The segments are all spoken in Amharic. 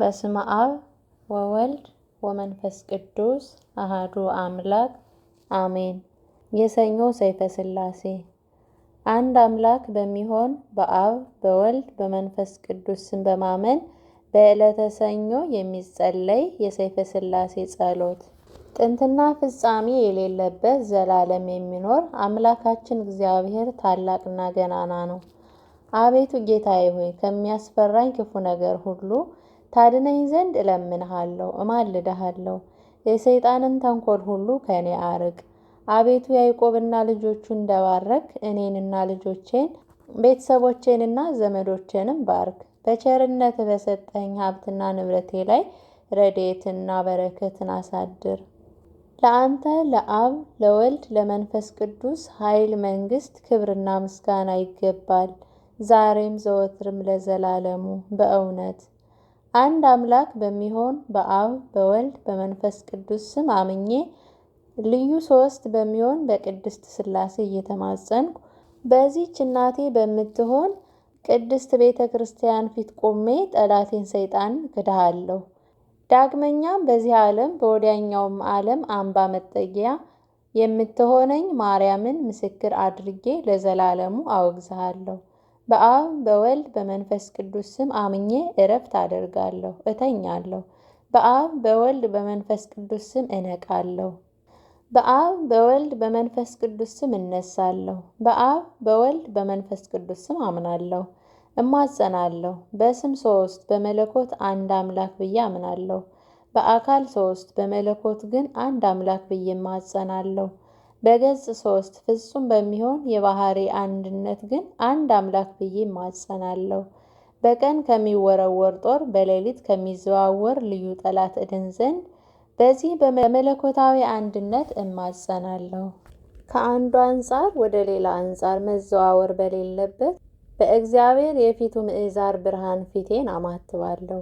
በስመ አብ ወወልድ ወመንፈስ ቅዱስ አህዱ አምላክ አሜን። የሰኞ ሰይፈ ሥላሴ አንድ አምላክ በሚሆን በአብ በወልድ በመንፈስ ቅዱስ ስም በማመን በዕለተ ሰኞ የሚጸለይ የሰይፈ ሥላሴ ጸሎት። ጥንትና ፍጻሜ የሌለበት ዘላለም የሚኖር አምላካችን እግዚአብሔር ታላቅና ገናና ነው። አቤቱ ጌታዬ ሆይ ከሚያስፈራኝ ክፉ ነገር ሁሉ ታድነኝ ዘንድ እለምንሃለሁ፣ እማልድሃለሁ። የሰይጣንን ተንኮል ሁሉ ከእኔ አርቅ። አቤቱ ያዕቆብና ልጆቹ እንደባረክ እኔንና ልጆቼን ቤተሰቦቼንና ዘመዶቼንም ባርክ። በቸርነት በሰጠኝ ሀብትና ንብረቴ ላይ ረድኤትና በረከትን አሳድር። ለአንተ ለአብ ለወልድ ለመንፈስ ቅዱስ ኃይል፣ መንግስት ክብርና ምስጋና ይገባል፣ ዛሬም ዘወትርም ለዘላለሙ በእውነት አንድ አምላክ በሚሆን በአብ በወልድ በመንፈስ ቅዱስ ስም አምኜ ልዩ ሶስት በሚሆን በቅድስት ስላሴ እየተማጸንኩ በዚች እናቴ በምትሆን ቅድስት ቤተ ክርስቲያን ፊት ቆሜ ጠላቴን ሰይጣን ክድሃለሁ። ዳግመኛም በዚህ ዓለም በወዲያኛውም ዓለም አምባ መጠጊያ የምትሆነኝ ማርያምን ምስክር አድርጌ ለዘላለሙ አወግዝሃለሁ። በአብ በወልድ በመንፈስ ቅዱስ ስም አምኜ እረፍት አደርጋለሁ፣ እተኛለሁ። በአብ በወልድ በመንፈስ ቅዱስ ስም እነቃለሁ። በአብ በወልድ በመንፈስ ቅዱስ ስም እነሳለሁ። በአብ በወልድ በመንፈስ ቅዱስ ስም አምናለሁ፣ እማጸናለሁ። በስም ሶስት በመለኮት አንድ አምላክ ብዬ አምናለሁ። በአካል ሶስት በመለኮት ግን አንድ አምላክ ብዬ እማጸናለሁ። በገጽ ሶስት ፍጹም በሚሆን የባህሪ አንድነት ግን አንድ አምላክ ብዬ ማጸናለሁ። በቀን ከሚወረወር ጦር በሌሊት ከሚዘዋወር ልዩ ጠላት እድን ዘንድ በዚህ በመለኮታዊ አንድነት እማጸናለሁ። ከአንዱ አንጻር ወደ ሌላ አንጻር መዘዋወር በሌለበት በእግዚአብሔር የፊቱ ምዕዛር ብርሃን ፊቴን አማትባለሁ።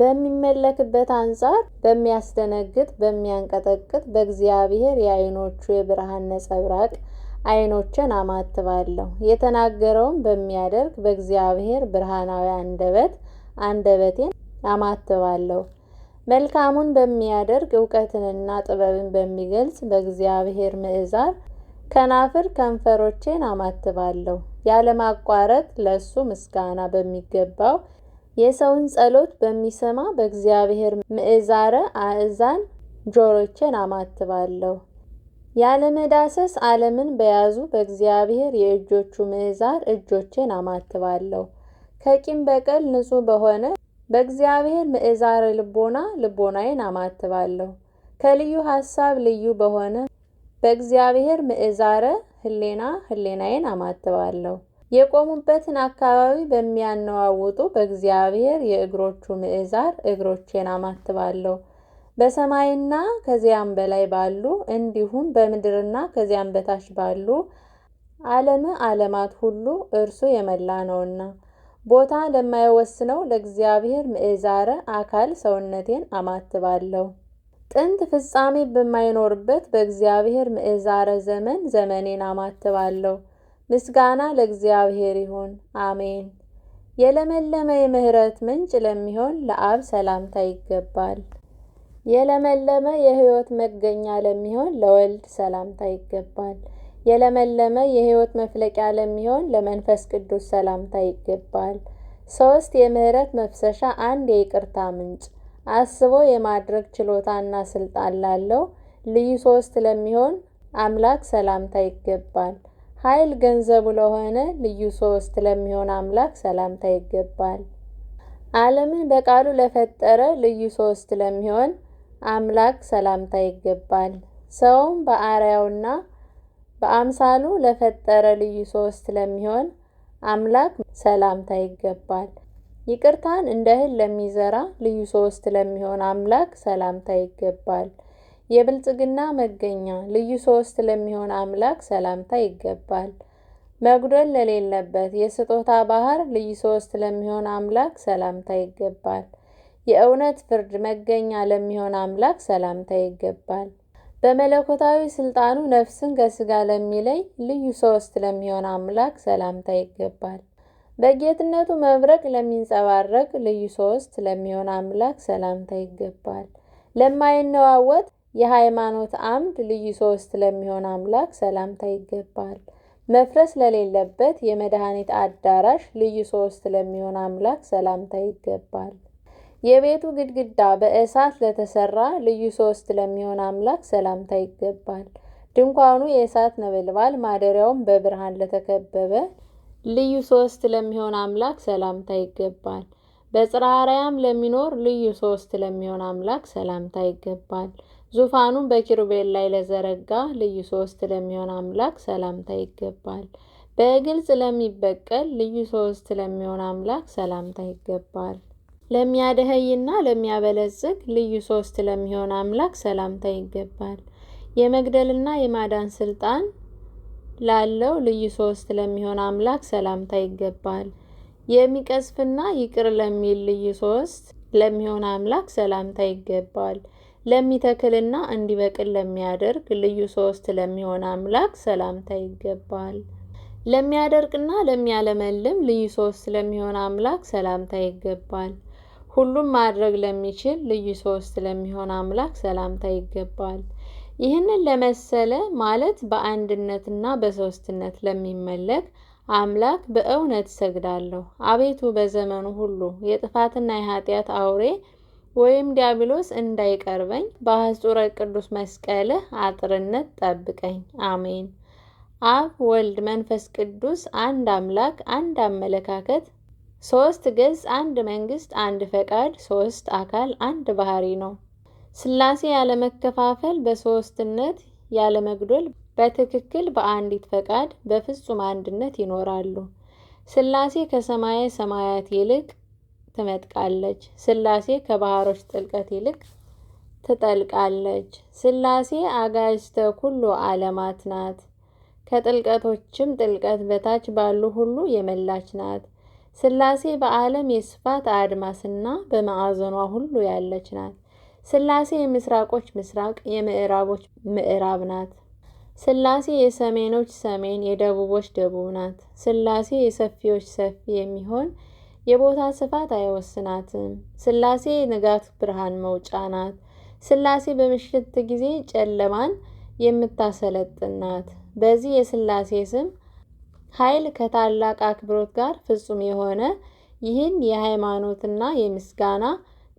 በሚመለክበት አንጻር በሚያስደነግጥ በሚያንቀጠቅጥ በእግዚአብሔር የአይኖቹ የብርሃን ነጸብራቅ አይኖችን አማትባለሁ። የተናገረውን በሚያደርግ በእግዚአብሔር ብርሃናዊ አንደበት አንደበቴን አማትባለሁ። መልካሙን በሚያደርግ እውቀትንና ጥበብን በሚገልጽ በእግዚአብሔር ምዕዛር ከናፍር ከንፈሮቼን አማትባለሁ። ያለማቋረጥ ለእሱ ምስጋና በሚገባው የሰውን ጸሎት በሚሰማ በእግዚአብሔር ምዕዛረ አእዛን ጆሮቼን አማትባለሁ። ያለመዳሰስ ዓለምን በያዙ በእግዚአብሔር የእጆቹ ምዕዛር እጆቼን አማትባለሁ። ከቂም በቀል ንጹሕ በሆነ በእግዚአብሔር ምዕዛረ ልቦና ልቦናዬን አማትባለሁ። ከልዩ ሐሳብ ልዩ በሆነ በእግዚአብሔር ምዕዛረ ሕሌና ሕሌናዬን አማትባለሁ። የቆሙበትን አካባቢ በሚያነዋውጡ በእግዚአብሔር የእግሮቹ ምዕዛር እግሮቼን አማትባለሁ። በሰማይና ከዚያም በላይ ባሉ እንዲሁም በምድርና ከዚያም በታች ባሉ ዓለመ ዓለማት ሁሉ እርሱ የመላ ነውና ቦታ ለማይወስነው ለእግዚአብሔር ምዕዛረ አካል ሰውነቴን አማትባለሁ። ጥንት ፍጻሜ በማይኖርበት በእግዚአብሔር ምዕዛረ ዘመን ዘመኔን አማትባለሁ። ምስጋና ለእግዚአብሔር ይሁን፣ አሜን። የለመለመ የምሕረት ምንጭ ለሚሆን ለአብ ሰላምታ ይገባል። የለመለመ የሕይወት መገኛ ለሚሆን ለወልድ ሰላምታ ይገባል። የለመለመ የሕይወት መፍለቂያ ለሚሆን ለመንፈስ ቅዱስ ሰላምታ ይገባል። ሶስት የምሕረት መፍሰሻ አንድ የይቅርታ ምንጭ አስቦ የማድረግ ችሎታና ስልጣን ላለው ልዩ ሶስት ለሚሆን አምላክ ሰላምታ ይገባል። ኃይል ገንዘቡ ለሆነ ልዩ ሶስት ለሚሆን አምላክ ሰላምታ ይገባል። ዓለምን በቃሉ ለፈጠረ ልዩ ሶስት ለሚሆን አምላክ ሰላምታ ይገባል። ሰውም በአርያውና በአምሳሉ ለፈጠረ ልዩ ሶስት ለሚሆን አምላክ ሰላምታ ይገባል። ይቅርታን እንደ እህል ለሚዘራ ልዩ ሶስት ለሚሆን አምላክ ሰላምታ ይገባል። የብልጽግና መገኛ ልዩ ሶስት ለሚሆን አምላክ ሰላምታ ይገባል። መጉደል ለሌለበት የስጦታ ባህር ልዩ ሶስት ለሚሆን አምላክ ሰላምታ ይገባል። የእውነት ፍርድ መገኛ ለሚሆን አምላክ ሰላምታ ይገባል። በመለኮታዊ ስልጣኑ ነፍስን ከስጋ ለሚለይ ልዩ ሶስት ለሚሆን አምላክ ሰላምታ ይገባል። በጌትነቱ መብረቅ ለሚንጸባረቅ ልዩ ሶስት ለሚሆን አምላክ ሰላምታ ይገባል። ለማይነዋወጥ የሃይማኖት አምድ ልዩ ሶስት ለሚሆን አምላክ ሰላምታ ይገባል። መፍረስ ለሌለበት የመድኃኒት አዳራሽ ልዩ ሶስት ለሚሆን አምላክ ሰላምታ ይገባል። የቤቱ ግድግዳ በእሳት ለተሰራ ልዩ ሶስት ለሚሆን አምላክ ሰላምታ ይገባል። ድንኳኑ የእሳት ነበልባል ማደሪያውም በብርሃን ለተከበበ ልዩ ሶስት ለሚሆን አምላክ ሰላምታ ይገባል። በጽርሐ አርያም ለሚኖር ልዩ ሶስት ለሚሆን አምላክ ሰላምታ ይገባል። ዙፋኑን በኪሩቤል ላይ ለዘረጋ ልዩ ሶስት ለሚሆን አምላክ ሰላምታ ይገባል። በግልጽ ለሚበቀል ልዩ ሶስት ለሚሆን አምላክ ሰላምታ ይገባል። ለሚያደኸይና ለሚያበለጽግ ልዩ ሶስት ለሚሆን አምላክ ሰላምታ ይገባል። የመግደልና የማዳን ስልጣን ላለው ልዩ ሶስት ለሚሆን አምላክ ሰላምታ ይገባል። የሚቀስፍና ይቅር ለሚል ልዩ ሶስት ለሚሆን አምላክ ሰላምታ ይገባል። ለሚተክልና እንዲበቅል ለሚያደርግ ልዩ ሶስት ለሚሆን አምላክ ሰላምታ ይገባል። ለሚያደርግና ለሚያለመልም ልዩ ሶስት ለሚሆን አምላክ ሰላምታ ይገባል። ሁሉም ማድረግ ለሚችል ልዩ ሶስት ለሚሆን አምላክ ሰላምታ ይገባል። ይህንን ለመሰለ ማለት በአንድነትና በሶስትነት ለሚመለክ አምላክ በእውነት እሰግዳለሁ። አቤቱ በዘመኑ ሁሉ የጥፋትና የኃጢአት አውሬ ወይም ዲያብሎስ እንዳይቀርበኝ በአህጹረ ቅዱስ መስቀልህ አጥርነት ጠብቀኝ። አሜን። አብ ወልድ መንፈስ ቅዱስ አንድ አምላክ አንድ አመለካከት ሶስት ገጽ አንድ መንግስት አንድ ፈቃድ ሶስት አካል አንድ ባህሪ ነው። ስላሴ ያለመከፋፈል በሶስትነት ያለመግዶል በትክክል በአንዲት ፈቃድ በፍጹም አንድነት ይኖራሉ። ስላሴ ከሰማየ ሰማያት ይልቅ ትመጥቃለች። ስላሴ ከባህሮች ጥልቀት ይልቅ ትጠልቃለች። ስላሴ አጋጅተ ኩሉ ዓለማት ናት። ከጥልቀቶችም ጥልቀት በታች ባሉ ሁሉ የመላች ናት። ስላሴ በዓለም የስፋት አድማስና በማዕዘኗ ሁሉ ያለች ናት። ስላሴ የምስራቆች ምስራቅ የምዕራቦች ምዕራብ ናት። ስላሴ የሰሜኖች ሰሜን የደቡቦች ደቡብ ናት። ስላሴ የሰፊዎች ሰፊ የሚሆን የቦታ ስፋት አይወስናትም። ስላሴ ንጋት ብርሃን መውጫ ናት። ስላሴ በምሽት ጊዜ ጨለማን የምታሰለጥን ናት። በዚህ የስላሴ ስም ኃይል ከታላቅ አክብሮት ጋር ፍጹም የሆነ ይህን የሃይማኖትና የምስጋና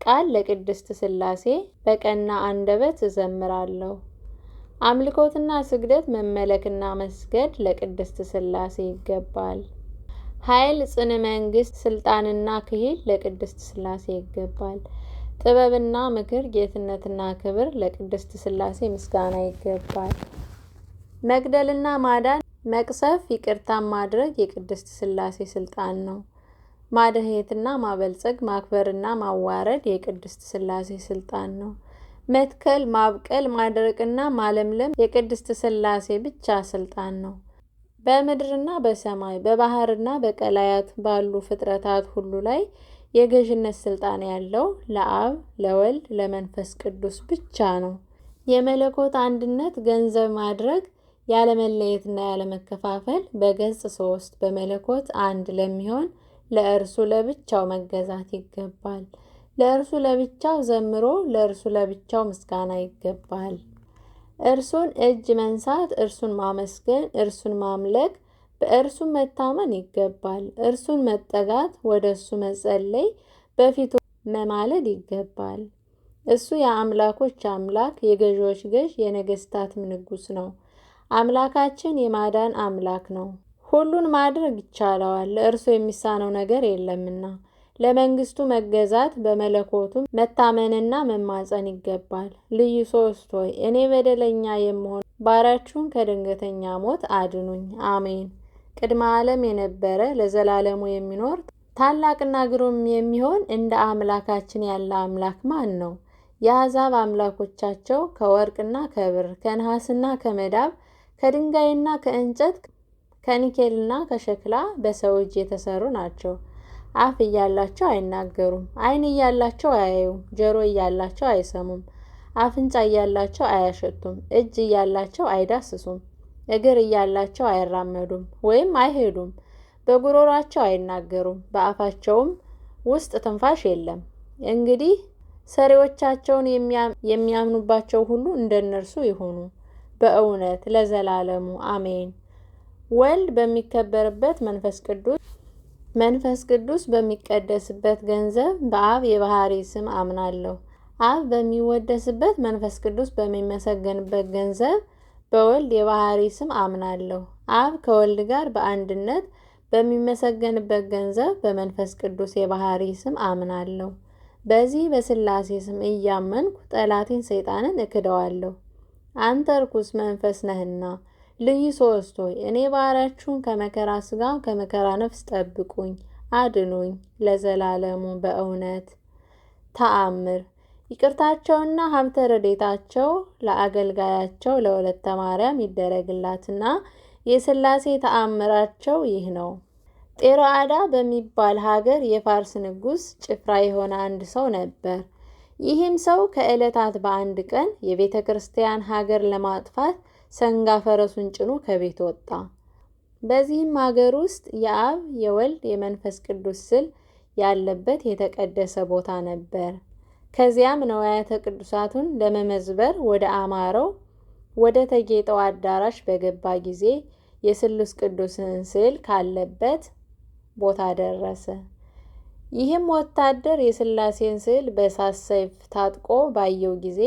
ቃል ለቅድስት ስላሴ በቀና አንደበት እዘምራለሁ። አምልኮትና ስግደት መመለክና መስገድ ለቅድስት ስላሴ ይገባል። ኃይል፣ ጽን መንግስት፣ ስልጣንና ክሂል ለቅድስት ሥላሴ ይገባል። ጥበብና ምክር፣ ጌትነትና ክብር ለቅድስት ሥላሴ ምስጋና ይገባል። መግደልና ማዳን፣ መቅሰፍ፣ ይቅርታን ማድረግ የቅድስት ሥላሴ ስልጣን ነው። ማድሄትና ማበልጸግ፣ ማክበርና ማዋረድ የቅድስት ሥላሴ ስልጣን ነው። መትከል፣ ማብቀል፣ ማድረቅና ማለምለም የቅድስት ሥላሴ ብቻ ስልጣን ነው። በምድርና በሰማይ በባህርና በቀላያት ባሉ ፍጥረታት ሁሉ ላይ የገዥነት ስልጣን ያለው ለአብ ለወልድ ለመንፈስ ቅዱስ ብቻ ነው። የመለኮት አንድነት ገንዘብ ማድረግ ያለመለየትና ያለመከፋፈል በገጽ ሶስት በመለኮት አንድ ለሚሆን ለእርሱ ለብቻው መገዛት ይገባል። ለእርሱ ለብቻው ዘምሮ ለእርሱ ለብቻው ምስጋና ይገባል። እርሱን እጅ መንሳት፣ እርሱን ማመስገን፣ እርሱን ማምለክ፣ በእርሱ መታመን ይገባል። እርሱን መጠጋት፣ ወደ እሱ መጸለይ፣ በፊቱ መማለድ ይገባል። እሱ የአምላኮች አምላክ የገዢዎች ገዥ የነገስታትም ንጉስ ነው። አምላካችን የማዳን አምላክ ነው። ሁሉን ማድረግ ይቻለዋል፣ ለእርሱ የሚሳነው ነገር የለምና። ለመንግስቱ መገዛት በመለኮቱም መታመንና መማፀን ይገባል። ልዩ ሶስት ሆይ እኔ በደለኛ የምሆን ባሪያችሁን ከድንገተኛ ሞት አድኑኝ። አሜን። ቅድመ ዓለም የነበረ ለዘላለሙ የሚኖር ታላቅና ግሩም የሚሆን እንደ አምላካችን ያለ አምላክ ማን ነው? የአሕዛብ አምላኮቻቸው ከወርቅና ከብር ከነሐስና ከመዳብ ከድንጋይና ከእንጨት ከኒኬልና ከሸክላ በሰው እጅ የተሰሩ ናቸው። አፍ እያላቸው አይናገሩም፣ አይን እያላቸው አያዩም፣ ጆሮ እያላቸው አይሰሙም፣ አፍንጫ እያላቸው አያሸቱም፣ እጅ እያላቸው አይዳስሱም፣ እግር እያላቸው አይራመዱም ወይም አይሄዱም፣ በጉሮሯቸው አይናገሩም፣ በአፋቸውም ውስጥ ትንፋሽ የለም። እንግዲህ ሰሪዎቻቸውን የሚያምኑባቸው ሁሉ እንደነርሱ ይሆኑ፣ በእውነት ለዘላለሙ አሜን። ወልድ በሚከበርበት መንፈስ ቅዱስ መንፈስ ቅዱስ በሚቀደስበት ገንዘብ በአብ የባህሪ ስም አምናለሁ። አብ በሚወደስበት መንፈስ ቅዱስ በሚመሰገንበት ገንዘብ በወልድ የባህሪ ስም አምናለሁ። አብ ከወልድ ጋር በአንድነት በሚመሰገንበት ገንዘብ በመንፈስ ቅዱስ የባህሪ ስም አምናለሁ። በዚህ በስላሴ ስም እያመንኩ ጠላቴን ሰይጣንን እክደዋለሁ። አንተ ርኩስ መንፈስ ነህና ልይ ሶስት ሆይ እኔ ባሪያችሁን ከመከራ ስጋም ከመከራ ነፍስ ጠብቁኝ፣ አድኑኝ ለዘላለሙ በእውነት ተአምር ይቅርታቸውና ሀብተ ረዴታቸው ለአገልጋያቸው ለወለተ ማርያም ይደረግላትና የሥላሴ ተአምራቸው ይህ ነው። ጤሮአዳ በሚባል ሀገር የፋርስ ንጉሥ ጭፍራ የሆነ አንድ ሰው ነበር። ይህም ሰው ከዕለታት በአንድ ቀን የቤተ ክርስቲያን ሀገር ለማጥፋት ሰንጋ ፈረሱን ጭኖ ከቤት ወጣ። በዚህም አገር ውስጥ የአብ የወልድ የመንፈስ ቅዱስ ስዕል ያለበት የተቀደሰ ቦታ ነበር። ከዚያም ነዋያተ ቅዱሳቱን ለመመዝበር ወደ አማረው ወደ ተጌጠው አዳራሽ በገባ ጊዜ የስሉስ ቅዱስን ስዕል ካለበት ቦታ ደረሰ። ይህም ወታደር የስላሴን ስዕል በሳት ሰይፍ ታጥቆ ባየው ጊዜ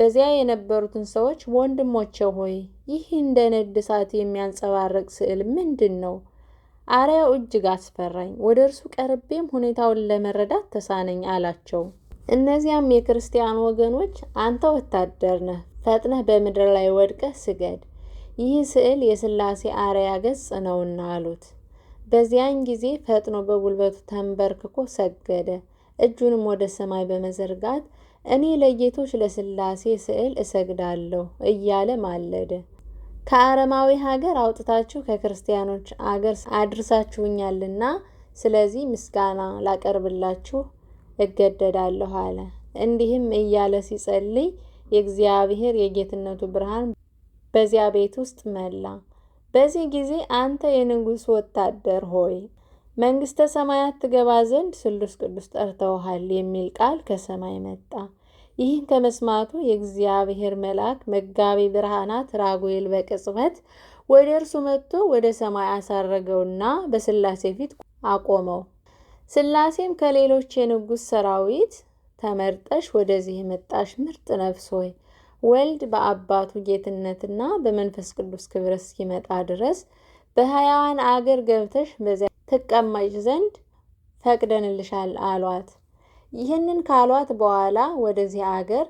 በዚያ የነበሩትን ሰዎች ወንድሞቼ ሆይ ይህ እንደ ንድ እሳት የሚያንጸባርቅ ስዕል ምንድን ነው? አርያው እጅግ አስፈራኝ። ወደ እርሱ ቀርቤም ሁኔታውን ለመረዳት ተሳነኝ አላቸው። እነዚያም የክርስቲያን ወገኖች አንተ ወታደር ነህ፣ ፈጥነህ በምድር ላይ ወድቀህ ስገድ፣ ይህ ስዕል የስላሴ አርያ ገጽ ነውና አሉት። በዚያን ጊዜ ፈጥኖ በጉልበቱ ተንበርክኮ ሰገደ። እጁንም ወደ ሰማይ በመዘርጋት እኔ ለጌቶች ለስላሴ ስዕል እሰግዳለሁ እያለ ማለደ። ከአረማዊ ሀገር አውጥታችሁ ከክርስቲያኖች አገር አድርሳችሁኛልና ስለዚህ ምስጋና ላቀርብላችሁ እገደዳለሁ አለ። እንዲህም እያለ ሲጸልይ የእግዚአብሔር የጌትነቱ ብርሃን በዚያ ቤት ውስጥ መላ። በዚህ ጊዜ አንተ የንጉሥ ወታደር ሆይ መንግስተ ሰማያት ትገባ ዘንድ ስሉስ ቅዱስ ጠርተውሃል የሚል ቃል ከሰማይ መጣ። ይህን ከመስማቱ የእግዚአብሔር መልአክ መጋቢ ብርሃናት ራጉኤል በቅጽበት ወደ እርሱ መጥቶ ወደ ሰማይ አሳረገውና በስላሴ ፊት አቆመው። ስላሴም ከሌሎች የንጉሥ ሰራዊት ተመርጠሽ ወደዚህ የመጣሽ ምርጥ ነፍስ ሆይ ወልድ በአባቱ ጌትነትና በመንፈስ ቅዱስ ክብር እስኪመጣ ድረስ በሕያዋን አገር ገብተሽ በዚያ ትቀማጭ ዘንድ ፈቅደንልሻል አሏት። ይህንን ካሏት በኋላ ወደዚህ አገር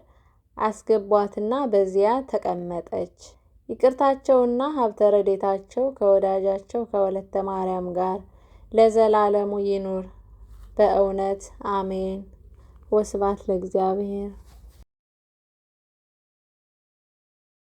አስገቧትና በዚያ ተቀመጠች። ይቅርታቸውና ሀብተ ረዴታቸው ከወዳጃቸው ከወለተ ማርያም ጋር ለዘላለሙ ይኑር በእውነት አሜን። ወስባት ለእግዚአብሔር።